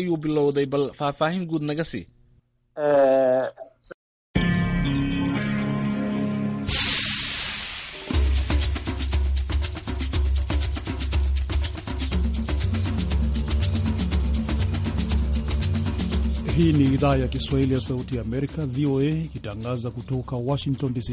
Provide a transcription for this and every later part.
ayuu bilowday bal faahfaahin guud naga sii Hii ni idhaa ya Kiswahili ya Sauti ya Amerika, VOA, ikitangaza kutoka Washington DC.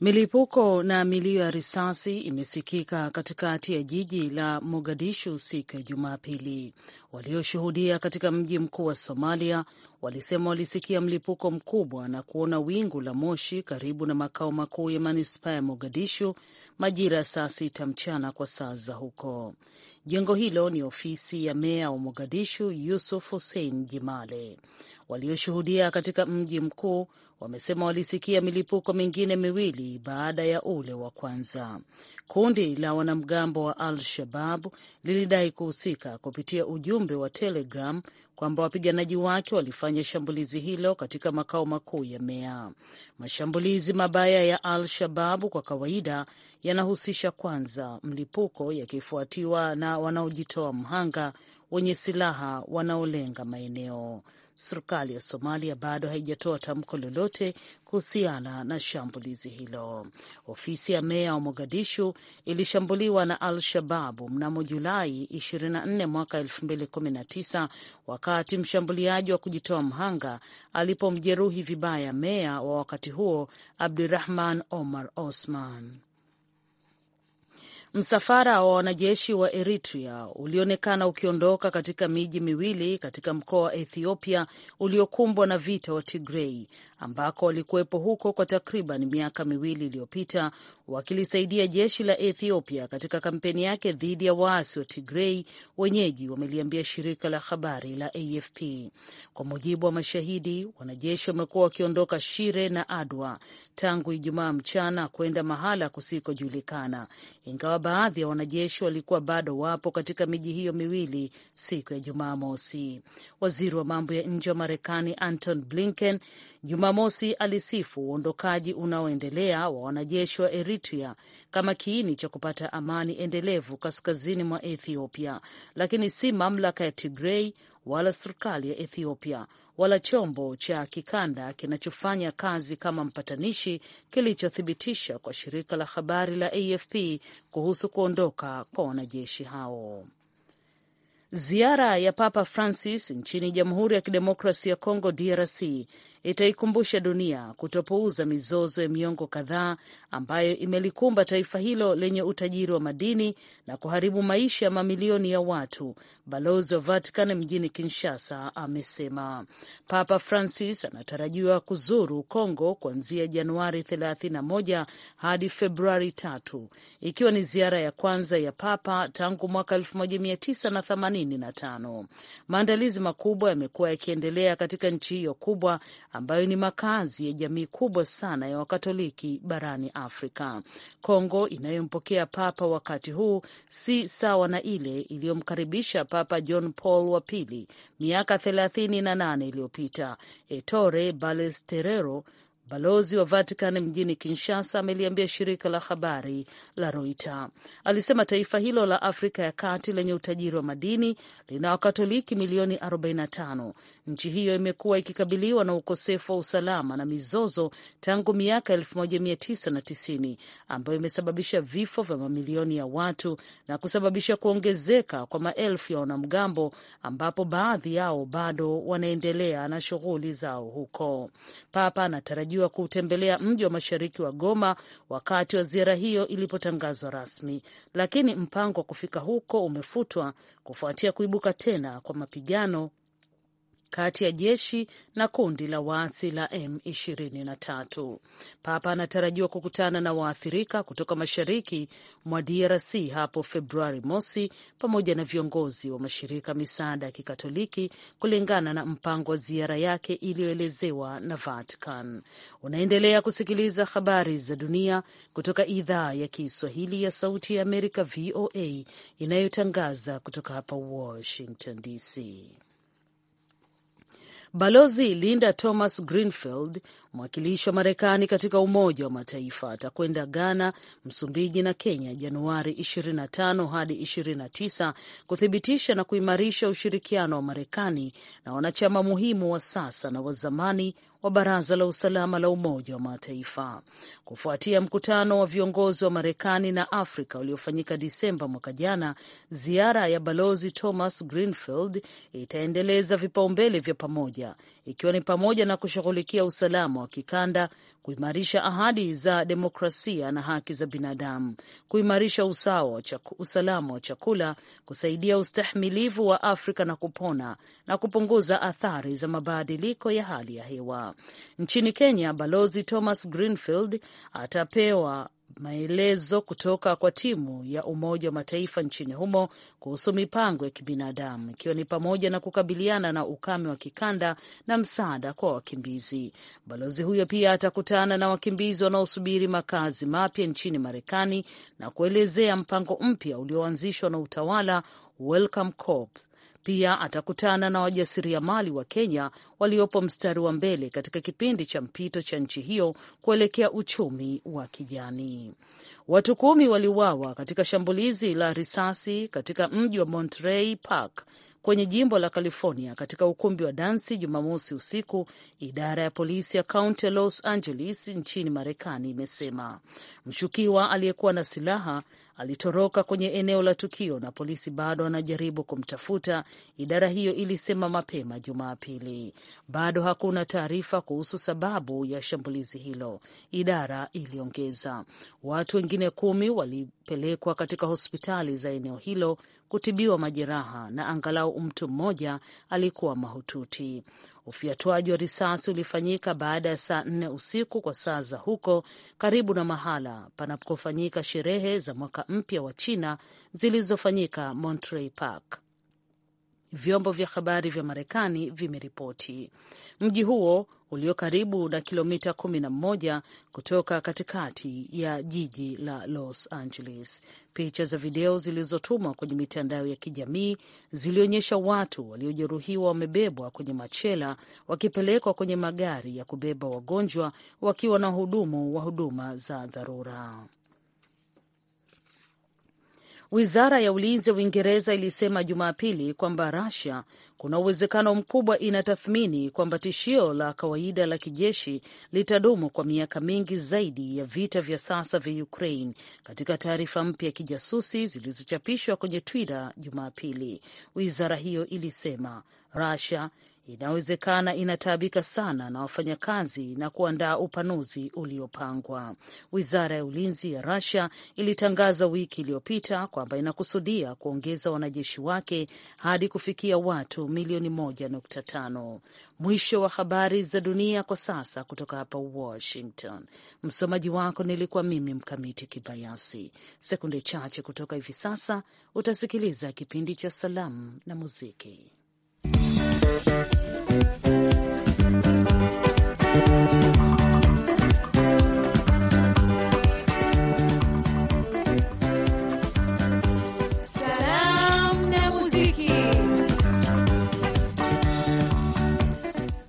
Milipuko na milio ya risasi imesikika katikati ya jiji la Mogadishu siku ya Jumapili. Walioshuhudia katika mji mkuu wa Somalia walisema walisikia mlipuko mkubwa na kuona wingu la moshi karibu na makao makuu ya manispaa ya Mogadishu majira ya saa sita mchana kwa saa za huko. Jengo hilo ni ofisi ya meya wa Mogadishu, Yusuf Hussein Jimale. Walioshuhudia katika mji mkuu wamesema walisikia milipuko mingine miwili baada ya ule wa kwanza. Kundi la wanamgambo wa Al Shabab lilidai kuhusika kupitia ujumbe wa Telegram kwamba wapiganaji wake walifanya shambulizi hilo katika makao makuu ya Mea. Mashambulizi mabaya ya Al Shababu kwa kawaida yanahusisha kwanza mlipuko, yakifuatiwa na wanaojitoa mhanga wenye silaha wanaolenga maeneo serikali ya Somalia bado haijatoa tamko lolote kuhusiana na shambulizi hilo. Ofisi ya meya wa Mogadishu ilishambuliwa na Al-Shababu mnamo Julai 24 mwaka 2019 wakati mshambuliaji wa kujitoa mhanga alipomjeruhi vibaya meya wa wakati huo Abdurahman Omar Osman. Msafara wa wanajeshi wa Eritrea ulionekana ukiondoka katika miji miwili katika mkoa wa Ethiopia uliokumbwa na vita wa Tigrei ambako walikuwepo huko kwa takriban miaka miwili iliyopita wakilisaidia jeshi la Ethiopia katika kampeni yake dhidi ya waasi wa Tigrei, wenyeji wameliambia shirika la habari la AFP. Kwa mujibu wa mashahidi, wanajeshi wamekuwa wakiondoka Shire na Adwa tangu Ijumaa mchana kwenda mahala kusikojulikana, ingawa baadhi ya wanajeshi walikuwa bado wapo katika miji hiyo miwili siku ya Jumamosi. Waziri wa mambo ya nje wa Marekani Anton Blinken Juma Jumamosi alisifu uondokaji unaoendelea wa wanajeshi wa Eritrea kama kiini cha kupata amani endelevu kaskazini mwa Ethiopia, lakini si mamlaka ya Tigrei wala serikali ya Ethiopia wala chombo cha kikanda kinachofanya kazi kama mpatanishi kilichothibitisha kwa shirika la habari la AFP kuhusu kuondoka kwa wanajeshi hao. Ziara ya Papa Francis nchini Jamhuri ya Kidemokrasi ya Kongo, DRC, itaikumbusha dunia kutopuuza mizozo ya miongo kadhaa ambayo imelikumba taifa hilo lenye utajiri wa madini na kuharibu maisha ya mamilioni ya watu, balozi wa Vatican mjini Kinshasa amesema. Papa Francis anatarajiwa kuzuru Kongo kuanzia Januari 31 hadi Februari 3 ikiwa ni ziara ya kwanza ya papa tangu mwaka 1985. Maandalizi makubwa yamekuwa yakiendelea katika nchi hiyo kubwa ambayo ni makazi ya jamii kubwa sana ya Wakatoliki barani Afrika. Kongo inayompokea Papa wakati huu si sawa na ile iliyomkaribisha Papa John Paul wa pili miaka 38 na iliyopita. Ettore Balesterero Balozi wa Vatican mjini Kinshasa ameliambia shirika la habari la Reuters. Alisema taifa hilo la Afrika ya kati lenye utajiri wa madini lina Wakatoliki milioni 45 Nchi hiyo imekuwa ikikabiliwa na ukosefu wa usalama na mizozo tangu miaka 1990 ambayo imesababisha vifo vya mamilioni ya watu na kusababisha kuongezeka kwa maelfu ya wanamgambo, ambapo baadhi yao bado wanaendelea na shughuli zao huko. Papa anatarajiwa kuutembelea mji wa mashariki wa Goma wakati wa ziara hiyo ilipotangazwa rasmi, lakini mpango wa kufika huko umefutwa kufuatia kuibuka tena kwa mapigano kati ya jeshi na kundi la waasi la M23. Papa anatarajiwa kukutana na waathirika kutoka mashariki mwa DRC hapo Februari mosi pamoja na viongozi wa mashirika misaada ya Kikatoliki, kulingana na mpango wa ziara yake iliyoelezewa na Vatican. Unaendelea kusikiliza habari za dunia kutoka idhaa ya Kiswahili ya Sauti ya Amerika, VOA, inayotangaza kutoka hapa Washington DC. Balozi Linda Thomas Greenfield, mwakilishi wa Marekani katika Umoja wa Mataifa, atakwenda Ghana, Msumbiji na Kenya Januari 25 hadi 29 kuthibitisha na kuimarisha ushirikiano wa Marekani na wanachama muhimu wa sasa na wa zamani wa Baraza la Usalama la Umoja wa Mataifa kufuatia mkutano wa viongozi wa Marekani na Afrika uliofanyika Disemba mwaka jana. Ziara ya Balozi Thomas Greenfield itaendeleza vipaumbele vya pamoja, ikiwa ni pamoja na kushughulikia usalama wa kikanda, kuimarisha ahadi za demokrasia na haki za binadamu, kuimarisha usawa, usalama wa chakula, kusaidia ustahimilivu wa Afrika na kupona na kupunguza athari za mabadiliko ya hali ya hewa. Nchini Kenya, Balozi Thomas Greenfield atapewa maelezo kutoka kwa timu ya Umoja wa Mataifa nchini humo kuhusu mipango ya kibinadamu ikiwa ni pamoja na kukabiliana na ukame wa kikanda na msaada kwa wakimbizi. Balozi huyo pia atakutana na wakimbizi wanaosubiri makazi mapya nchini Marekani na kuelezea mpango mpya ulioanzishwa na utawala Welcome Corps pia atakutana na wajasiriamali wa Kenya waliopo mstari wa mbele katika kipindi cha mpito cha nchi hiyo kuelekea uchumi wa kijani. Watu kumi waliuawa katika shambulizi la risasi katika mji wa Monterey Park kwenye jimbo la California katika ukumbi wa dansi Jumamosi usiku, idara ya polisi ya kaunti ya Los Angeles nchini Marekani imesema mshukiwa aliyekuwa na silaha alitoroka kwenye eneo la tukio na polisi bado anajaribu kumtafuta, idara hiyo ilisema mapema Jumapili. Bado hakuna taarifa kuhusu sababu ya shambulizi hilo, idara iliongeza. Watu wengine kumi walipelekwa katika hospitali za eneo hilo kutibiwa majeraha na angalau mtu mmoja alikuwa mahututi ufiatuaji wa risasi ulifanyika baada ya saa nne usiku kwa saa za huko, karibu na mahala panapofanyika sherehe za mwaka mpya wa China zilizofanyika Monterey Park vyombo vya habari vya Marekani vimeripoti. Mji huo ulio karibu na kilomita 11 kutoka katikati ya jiji la Los Angeles. Picha za video zilizotumwa kwenye mitandao ya kijamii zilionyesha watu waliojeruhiwa wamebebwa kwenye machela wakipelekwa kwenye magari ya kubeba wagonjwa wakiwa na wahudumu wa huduma za dharura. Wizara ya ulinzi ya Uingereza ilisema Jumapili kwamba rasia kuna uwezekano mkubwa inatathmini kwamba tishio la kawaida la kijeshi litadumu kwa miaka mingi zaidi ya vita vya sasa vya Ukraine. Katika taarifa mpya ya kijasusi zilizochapishwa kwenye Twitter Jumapili, wizara hiyo ilisema rasia inawezekana inataabika sana na wafanyakazi na kuandaa upanuzi uliopangwa. Wizara ya ulinzi ya Russia ilitangaza wiki iliyopita kwamba inakusudia kuongeza wanajeshi wake hadi kufikia watu milioni moja nukta tano. Mwisho wa habari za dunia kwa sasa, kutoka hapa Washington. Msomaji wako nilikuwa mimi Mkamiti Kibayasi. Sekunde chache kutoka hivi sasa utasikiliza kipindi cha salamu na muziki.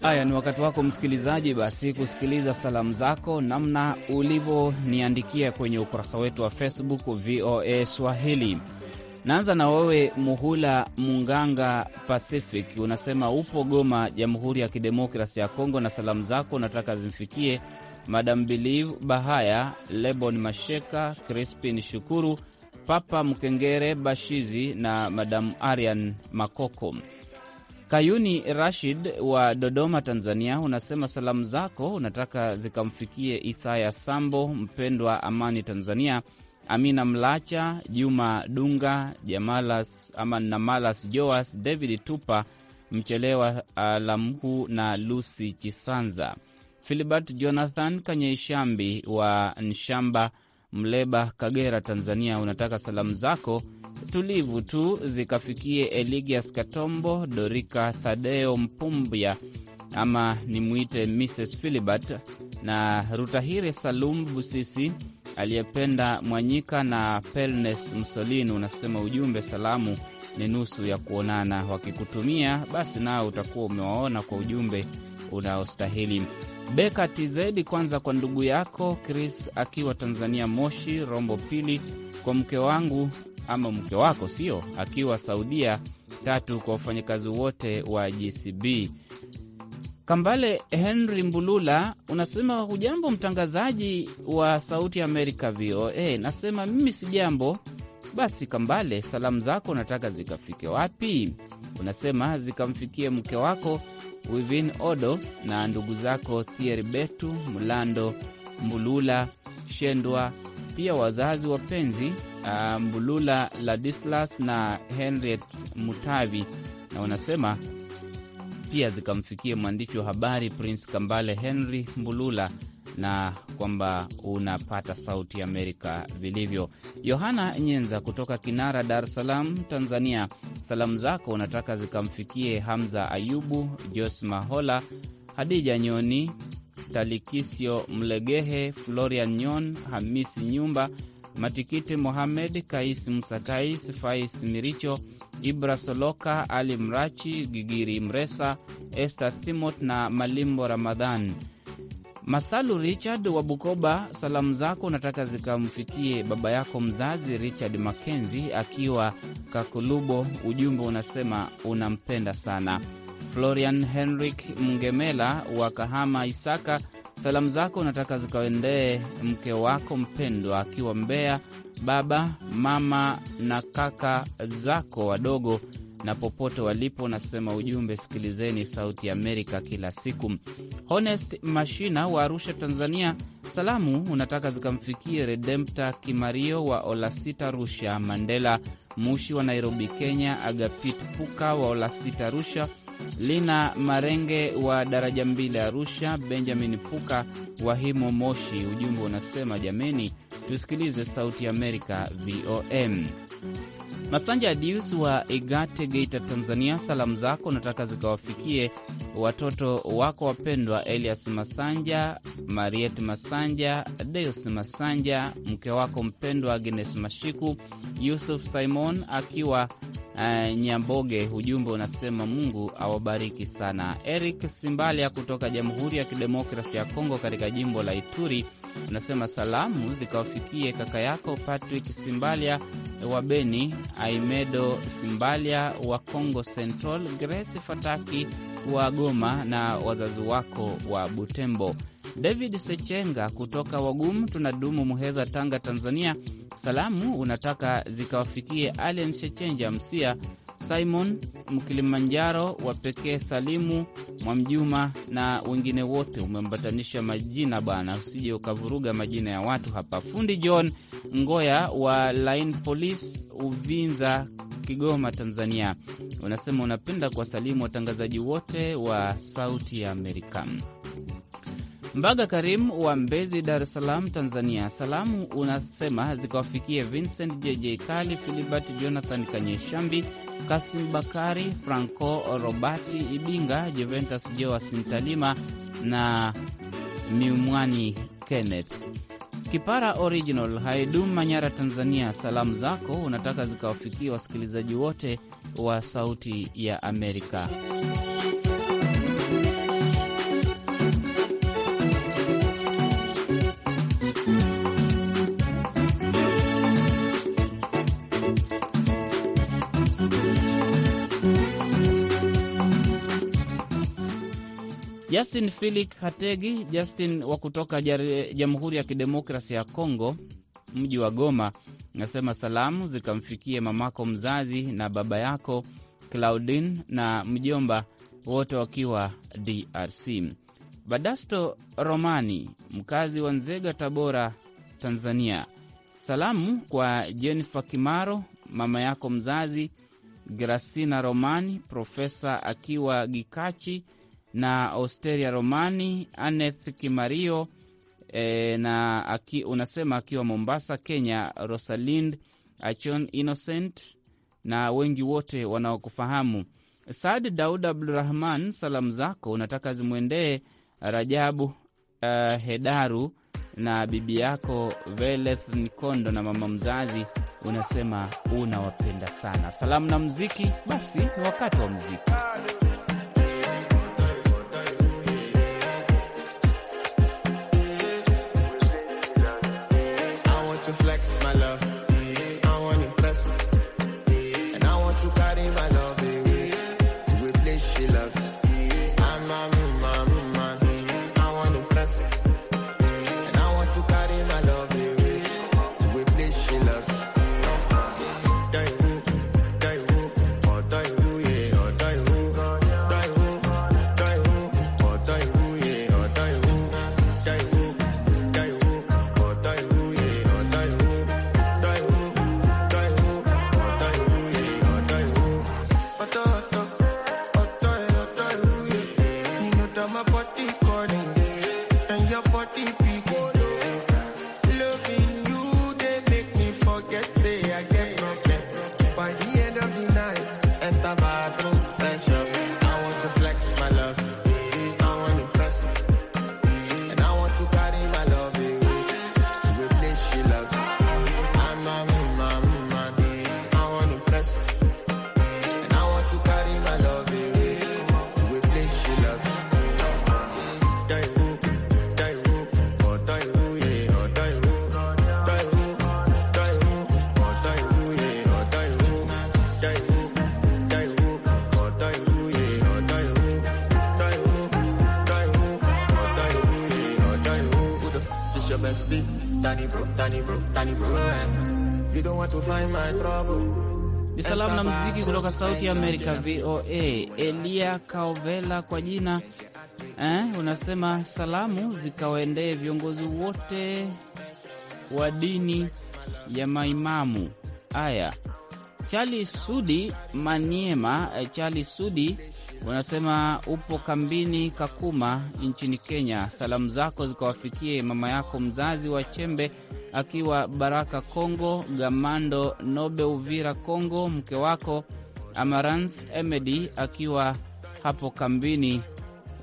Haya, ni wakati wako msikilizaji, basi kusikiliza salamu zako namna ulivyoniandikia kwenye ukurasa wetu wa Facebook VOA Swahili. Naanza na wewe Muhula Munganga Pacific, unasema upo Goma, Jamhuri ya Kidemokrasi ya Kongo, na salamu zako unataka zimfikie Madam Bilive Bahaya, Lebon Masheka, Crispin Shukuru, Papa Mkengere Bashizi na Madam Arian Makoko. Kayuni Rashid wa Dodoma, Tanzania, unasema salamu zako unataka zikamfikie Isaya Sambo, mpendwa Amani Tanzania, Amina Mlacha, Juma Dunga, Jamalas ama Namalas Joas, David Tupa Mchelewa alamhu uh, na Lucy Chisanza, Filibert Jonathan Kanyeishambi wa Nshamba, Mleba, Kagera, Tanzania. Unataka salamu zako tulivu tu zikafikie Eligias Katombo, Dorika Thadeo Mpumbya ama nimwite Mrs Filibert na Rutahire Salum Busisi aliyependa Mwanyika na Pelnes Msolini, unasema ujumbe salamu ni nusu ya kuonana, wakikutumia basi nao utakuwa umewaona kwa ujumbe unaostahili. Beka zaidi kwanza kwa ndugu yako Chris akiwa Tanzania, Moshi Rombo. Pili kwa mke wangu ama mke wako sio, akiwa Saudia. Tatu kwa wafanyakazi wote wa GCB Kambale Henry Mbulula unasema hujambo mtangazaji wa Sauti ya Amerika VOA. Nasema mimi si jambo. Basi Kambale, salamu zako nataka zikafike wapi? Unasema zikamfikie mke wako Wivin Odo na ndugu zako Thieri Betu, Mlando Mbulula, Shendwa, pia wazazi wapenzi ah, Mbulula Ladislas na Henriet Mutavi, na unasema pia zikamfikie mwandishi wa habari Prince Kambale Henry Mbulula na kwamba unapata Sauti ya Amerika vilivyo. Yohana Nyenza kutoka Kinara, Dar es Salaam, Tanzania, salamu zako unataka zikamfikie Hamza Ayubu, Jos Mahola, Hadija Nyoni, Talikisio Mlegehe, Florian Nyon, Hamisi Nyumba, Matikiti Mohamed, Kais musakais Fais Miricho Ibra Soloka, Ali Mrachi, Gigiri Mresa, Esther Thimot na Malimbo Ramadhan. Masalu Richard wa Bukoba, salamu zako unataka zikamfikie baba yako mzazi Richard Makenzi akiwa Kakulubo. Ujumbe unasema unampenda sana. Florian Henrik Mngemela wa Kahama Isaka Salamu zako unataka zikaendee mke wako mpendwa akiwa Mbeya, baba mama na kaka zako wadogo na popote walipo. Nasema ujumbe, sikilizeni Sauti ya Amerika kila siku. Honest Mashina wa Arusha, Tanzania, salamu unataka zikamfikie Redempta Kimario wa Olasita Rusha, Mandela Mushi wa Nairobi, Kenya, Agapit Puka wa Olasita Rusha Lina Marenge wa daraja mbili Arusha, Benjamin Puka wa Himo Moshi. Ujumbe unasema jameni, tusikilize Sauti Amerika VOM. Masanja Adius wa Igate, Geita, Tanzania, salamu zako nataka zikawafikie watoto wako wapendwa Elias Masanja, Mariet Masanja, Deus Masanja, mke wako mpendwa Agnes Mashiku, Yusuf Simon akiwa uh, Nyamboge, ujumbe unasema Mungu awabariki sana. Eric Simbalia kutoka Jamhuri ya Kidemokrasi ya Kongo katika jimbo la Ituri unasema salamu zikawafikie kaka yako Patrick Simbalia wa Beni, Aimedo Simbalia wa congo Central, Grace Fataki wa Goma na wazazi wako wa Butembo. David Sechenga kutoka Wagumu tunadumu Muheza, Tanga, Tanzania. Salamu unataka zikawafikie Alen shechenja Msia, Simon Mkilimanjaro wa pekee, Salimu Mwamjuma na wengine wote. Umeambatanisha majina bwana, usije ukavuruga majina ya watu hapa. Fundi John Ngoya wa Line Police, Uvinza, Kigoma, Tanzania, unasema unapenda kuwasalimu watangazaji wote wa Sauti ya Amerika. Mbaga Karim wa Mbezi, Dar es Salaam, Tanzania. Salamu unasema zikawafikie Vincent JJ Kali, Filibert Jonathan Kanyeshambi, Kasim Bakari, Franco Robati Ibinga, Juventus joa sintalima na Miumwani Kenneth Kipara Original Haidum, Manyara, Tanzania. Salamu zako unataka zikawafikia wasikilizaji wote wa Sauti ya Amerika. Justin Filik Hategi Justin wa kutoka Jamhuri ya Kidemokrasi ya Kongo, mji wa Goma, nasema salamu zikamfikie mamako mzazi na baba yako Claudin na mjomba wote wakiwa DRC. Badasto Romani, mkazi wa Nzega, Tabora, Tanzania, salamu kwa Jennifer Kimaro, mama yako mzazi Grasina Romani, Profesa akiwa Gikachi na Osteria Romani Aneth Kimario e, na aki, unasema akiwa Mombasa, Kenya, Rosalind Achon Innocent na wengi wote wanaokufahamu. saad Daud Abdurahman, salamu zako unataka zimwendee Rajabu uh, Hedaru na bibi yako Veleth Nikondo na mama mzazi, unasema unawapenda sana. Salamu na mziki basi ni wakati wa muziki. salamu na mziki kutoka Sauti ya Amerika VOA. Elia Kaovela kwa jina eh, unasema salamu zikawaendee viongozi wote wa dini ya maimamu. Haya, Chali Sudi Maniema, eh, Chali Sudi unasema upo kambini Kakuma nchini Kenya. Salamu zako zikawafikie mama yako mzazi wa Chembe akiwa Baraka Kongo, Gamando Nobe Uvira Kongo, mke wako Amarans Emedi akiwa hapo kambini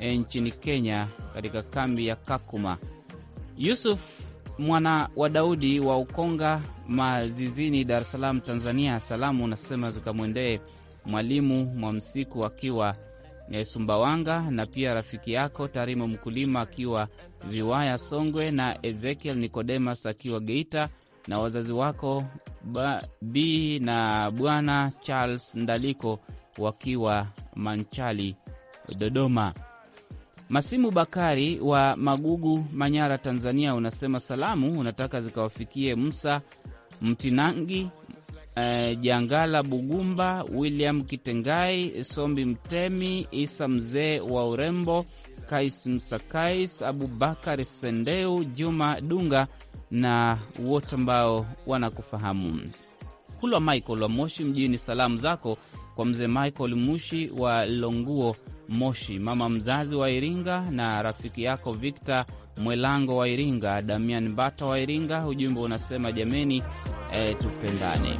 eh, nchini Kenya, katika kambi ya Kakuma. Yusuf mwana wa Daudi wa Ukonga Mazizini, Dar es Salaam, Tanzania, salamu unasema zikamwendee mwalimu Mwamsiku akiwa Eh, Sumbawanga na pia rafiki yako Tarimo mkulima akiwa Viwaya Songwe, na Ezekiel Nikodemas akiwa Geita, na wazazi wako b na Bwana Charles Ndaliko wakiwa Manchali, Dodoma. Masimu Bakari wa Magugu, Manyara, Tanzania, unasema salamu unataka zikawafikie Musa Mtinangi Eh, Jangala Bugumba, William Kitengai, Sombi Mtemi, Isa mzee wa urembo, Kais Msakais, Abubakar Sendeu, Juma Dunga na wote ambao wanakufahamu. Kulwa Michael wa Moshi mjini, salamu zako kwa mzee Michael Mushi wa Longuo Moshi, mama mzazi wa Iringa na rafiki yako Victor Mwelango wa Iringa, Damian Bata wa Iringa. Ujumbe unasema jameni, eh, tupendane.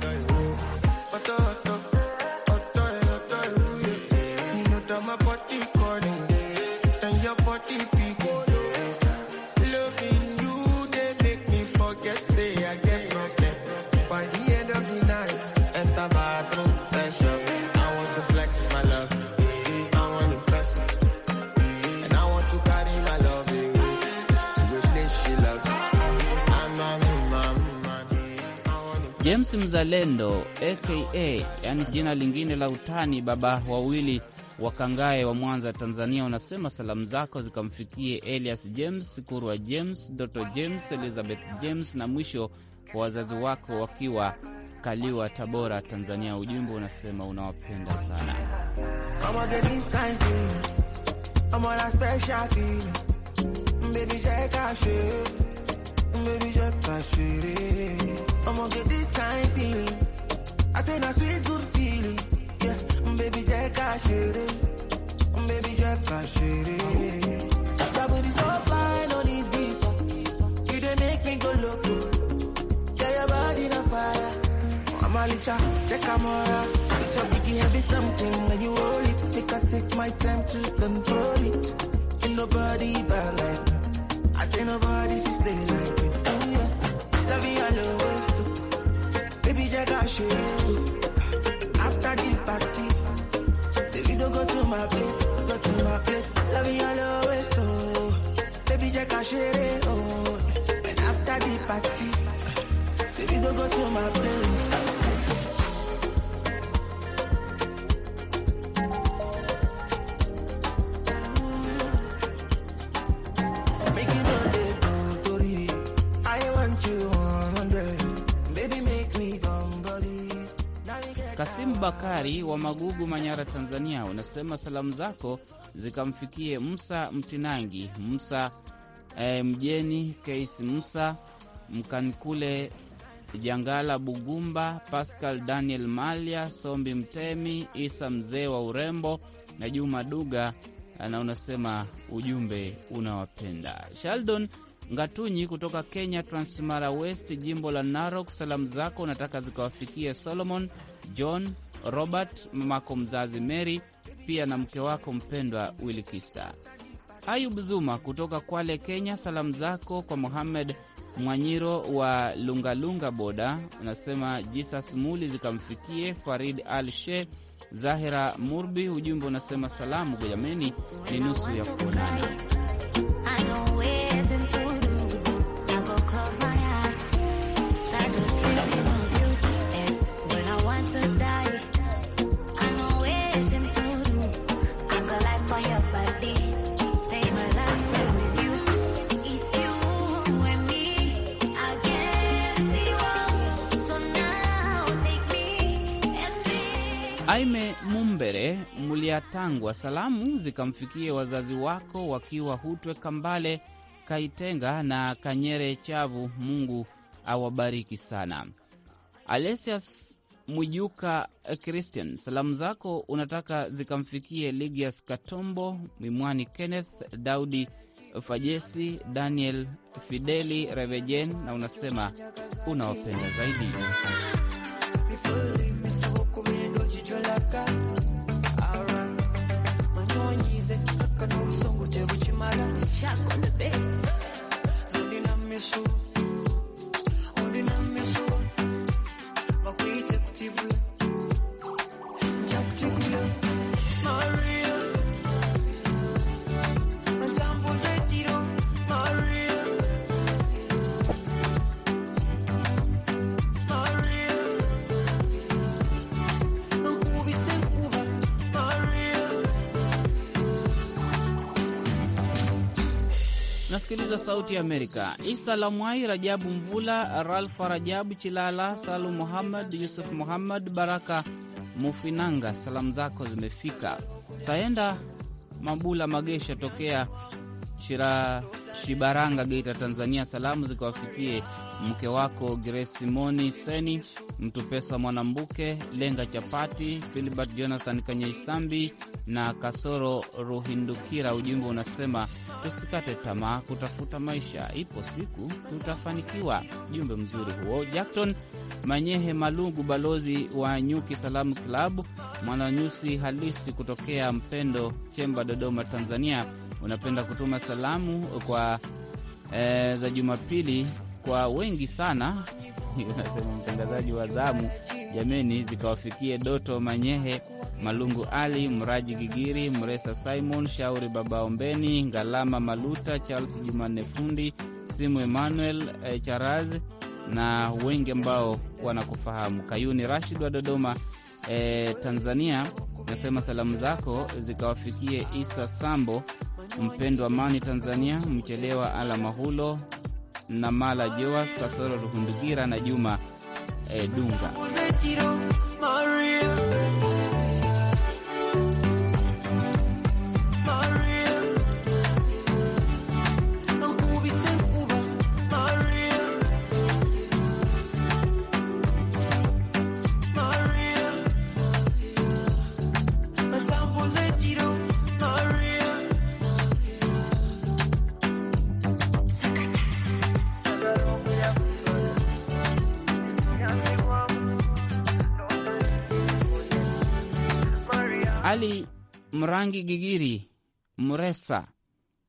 James Mzalendo aka, yani jina lingine la utani baba wawili wa Kangae wa Mwanza, Tanzania, unasema salamu zako zikamfikie Elias James, Kurwa James, Doto James, Elizabeth James na mwisho kwa wazazi wako wakiwa Kaliwa, Tabora, Tanzania. Ujumbe unasema unawapenda sana. I'ma get this kind feeling. I say na sweet good feeling. Yeah, mm, baby, jẹ́ ká ṣeré. Baby, i ká ṣeré. That booty so fly, no need visa. You dey make me go loco. Yeah, your body on fire. I'ma Amalita, take a mọ́ra. It's a biggie, heavy something when you hold it. Make I take my time to control it. Ain't nobody bad like me. I say nobody stay like me. Oh yeah, love you, I know jẹ́ after the party say we don't go to my place go to my place love you all the way to oh. baby jẹ́ ká oh. and after the party say we don't go to my place. Ibrahim Bakari wa Magugu, Manyara, Tanzania, unasema salamu zako zikamfikie Musa Mtinangi, Musa eh, Mjeni, kaisi Musa Mkankule, Jangala Bugumba, Pascal Daniel Malia, Sombi Mtemi, Isa mzee wa urembo na Juma Duga, na unasema ujumbe unawapenda. Sheldon Ngatunyi kutoka Kenya, Transmara West, jimbo la Narok, salamu zako unataka zikawafikie Solomon John, Robert, mamako mzazi Mary, pia na mke wako mpendwa Wilkista. Ayub Zuma kutoka Kwale, Kenya, salamu zako kwa Muhamed Mwanyiro wa Lungalunga boda, unasema Jesus Muli zikamfikie Farid Al She, Zahira Murbi. Ujumbe unasema salamu kwa jameni, ni nusu ya kuonana. Mumbere mliatangwa, salamu zikamfikie wazazi wako wakiwa Hutwe Kambale, Kaitenga na Kanyere Chavu. Mungu awabariki sana. Alesias Mwijuka eh, Christian, salamu zako unataka zikamfikie Ligias Katombo, Mimwani Kenneth, Daudi Fajesi, Daniel Fideli, Revejen, na unasema unawapenda zaidi mara shako bebe zuri na mishu Nasikiliza Sauti ya Amerika. Isa Lamwai, Rajabu Mvula, Ralfa Rajabu Chilala, Salu Muhammad, Yusuf Muhammad, Baraka Mufinanga, salamu zako zimefika. Saenda Mabula Magesha tokea Shira Shibaranga, Geita, Tanzania, salamu zikawafikie mke wako Gresimoni Seni, Mtupesa Mwanambuke, Lenga Chapati, Filibert Jonathan Kanyeisambi na Kasoro Ruhindukira. Ujumbe unasema tusikate tamaa kutafuta maisha, ipo siku tutafanikiwa. Jumbe mzuri huo. Jackton Manyehe Malungu, balozi wa Nyuki Salamu Klabu, mwananyusi halisi kutokea Mpendo Chemba, Dodoma, Tanzania, unapenda kutuma salamu kwa eh, za Jumapili kwa wengi sana unasema mtangazaji wa zamu, jameni, zikawafikie Doto Manyehe, Malungu Ali, Mraji Gigiri, Mresa Simon, Shauri Babaombeni, Ngalama Maluta, Charles Jumanne Fundi, Simu Emmanuel eh, Charaz na wengi ambao wanakufahamu. Kayuni Rashid wa Dodoma eh, Tanzania nasema salamu zako zikawafikie Isa Sambo, Mpendwa Amani Tanzania, Mchelewa Ala Mahulo Mala Joas, Kasoro Ruhundugira na Juma eh, Dunga. Ali Mrangi Gigiri Mresa,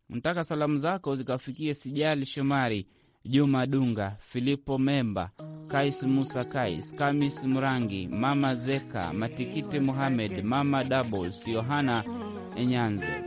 nataka salamu zako zikafikie Sijali Shomari, Juma Dunga, Filipo Memba, Kais Musa, Kais Kamis Mrangi, Mama Zeka Matikiti, Muhamed Mama Dabos, Yohana Enyanze.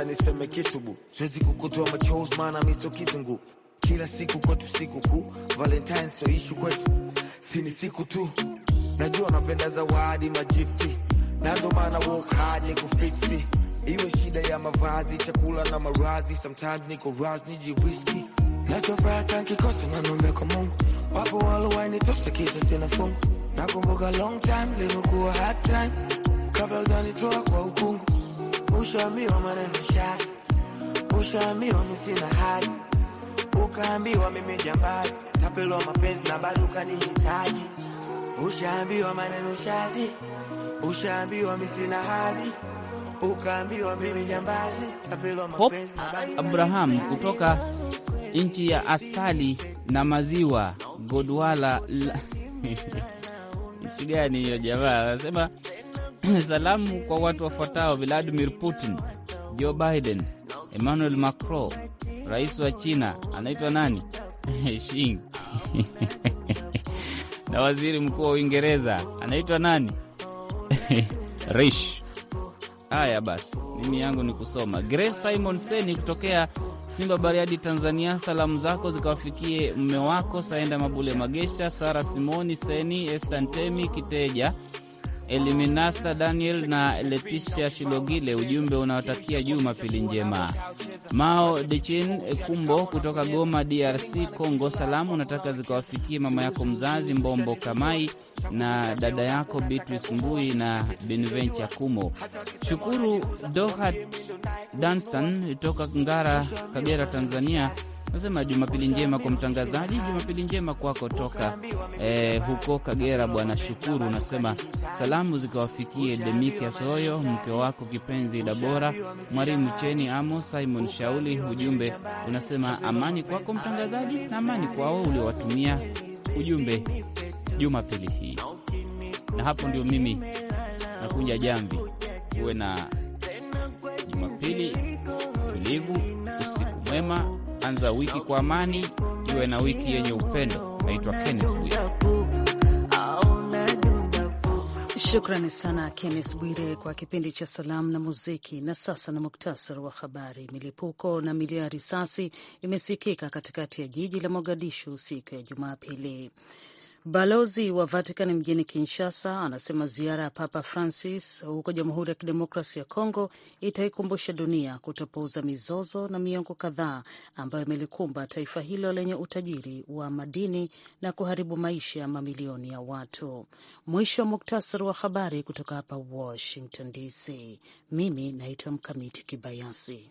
acha niseme kitubu, siwezi kukutoa machozi, maana miso kitungu kila siku kwetu siku kuu Valentine, so ishu kwetu sini siku tu, najua napenda zawadi majifti, na ndo maana work hard ni kufixi, iwe shida ya mavazi, chakula na maradhi, sometimes niko razi nijiriski nachofata na nanombe kwa Mungu, wapo walowainitosa kisa sina fungu, nakumbuka long time livyokuwa hard time kabla ujanitoa kwa ukungu Ushaambiwa maneno shazi, ushaambiwa mimi sina hazi, ukaambiwa mimi jambazi, tapelwa mapenzi na bado ukanihitaji. Ushaambiwa maneno shazi, ushaambiwa mimi sina hazi Hope Abraham kutoka nchi ya asali na maziwa Godwala la... nchi gani hiyo jamaa? Anasema salamu kwa watu wafuatao: Vladimir Putin, Joe Biden, Emmanuel Macron, rais wa China anaitwa nani? shing na waziri mkuu wa Uingereza anaitwa nani? Rish. Haya basi, mimi yangu ni kusoma. Grace Simon Seni kutokea Simba Bariadi, Tanzania, salamu zako zikawafikie mme wako Saenda Mabule Magesha, Sara Simoni Seni, Estantemi Kiteja, Eliminatha Daniel na Leticia Shilogile ujumbe unaotakia Jumapili njema. Mao Dechin Kumbo kutoka Goma, DRC congo salamu unataka zikawafikie mama yako mzazi Mbombo Kamai na dada yako Beatrice Mbui na Benvencha Kumo. Shukuru Dohat Danstan toka Ngara, Kagera, Tanzania Nasema jumapili njema kwa mtangazaji, jumapili njema kwako toka eh, huko Kagera, bwana Shukuru. Unasema salamu zikawafikie Demike soyo mke wako kipenzi Dabora, mwalimu Cheni Amo, Simon Shauli. Ujumbe unasema amani kwako mtangazaji na amani kwao uliowatumia ujumbe jumapili hii. Na hapo ndio mimi nakunja jamvi. Uwe na jumapili tulivu, usiku mwema. Anza wiki kwa amani, iwe na wiki yenye upendo. Naitwa Kennes Bwire. Shukrani sana Kennes Bwire kwa kipindi cha salamu na muziki. Na sasa na muktasari wa habari. Milipuko na milio ya risasi imesikika katikati ya jiji la Mogadishu siku ya Jumapili. Balozi wa Vatican mjini Kinshasa anasema ziara ya Papa Francis huko Jamhuri ya Kidemokrasi ya Kongo itaikumbusha dunia kutopuuza mizozo na miongo kadhaa ambayo imelikumba taifa hilo lenye utajiri wa madini na kuharibu maisha ya mamilioni ya watu. Mwisho wa muktasari wa habari kutoka hapa Washington DC. Mimi naitwa Mkamiti Kibayasi.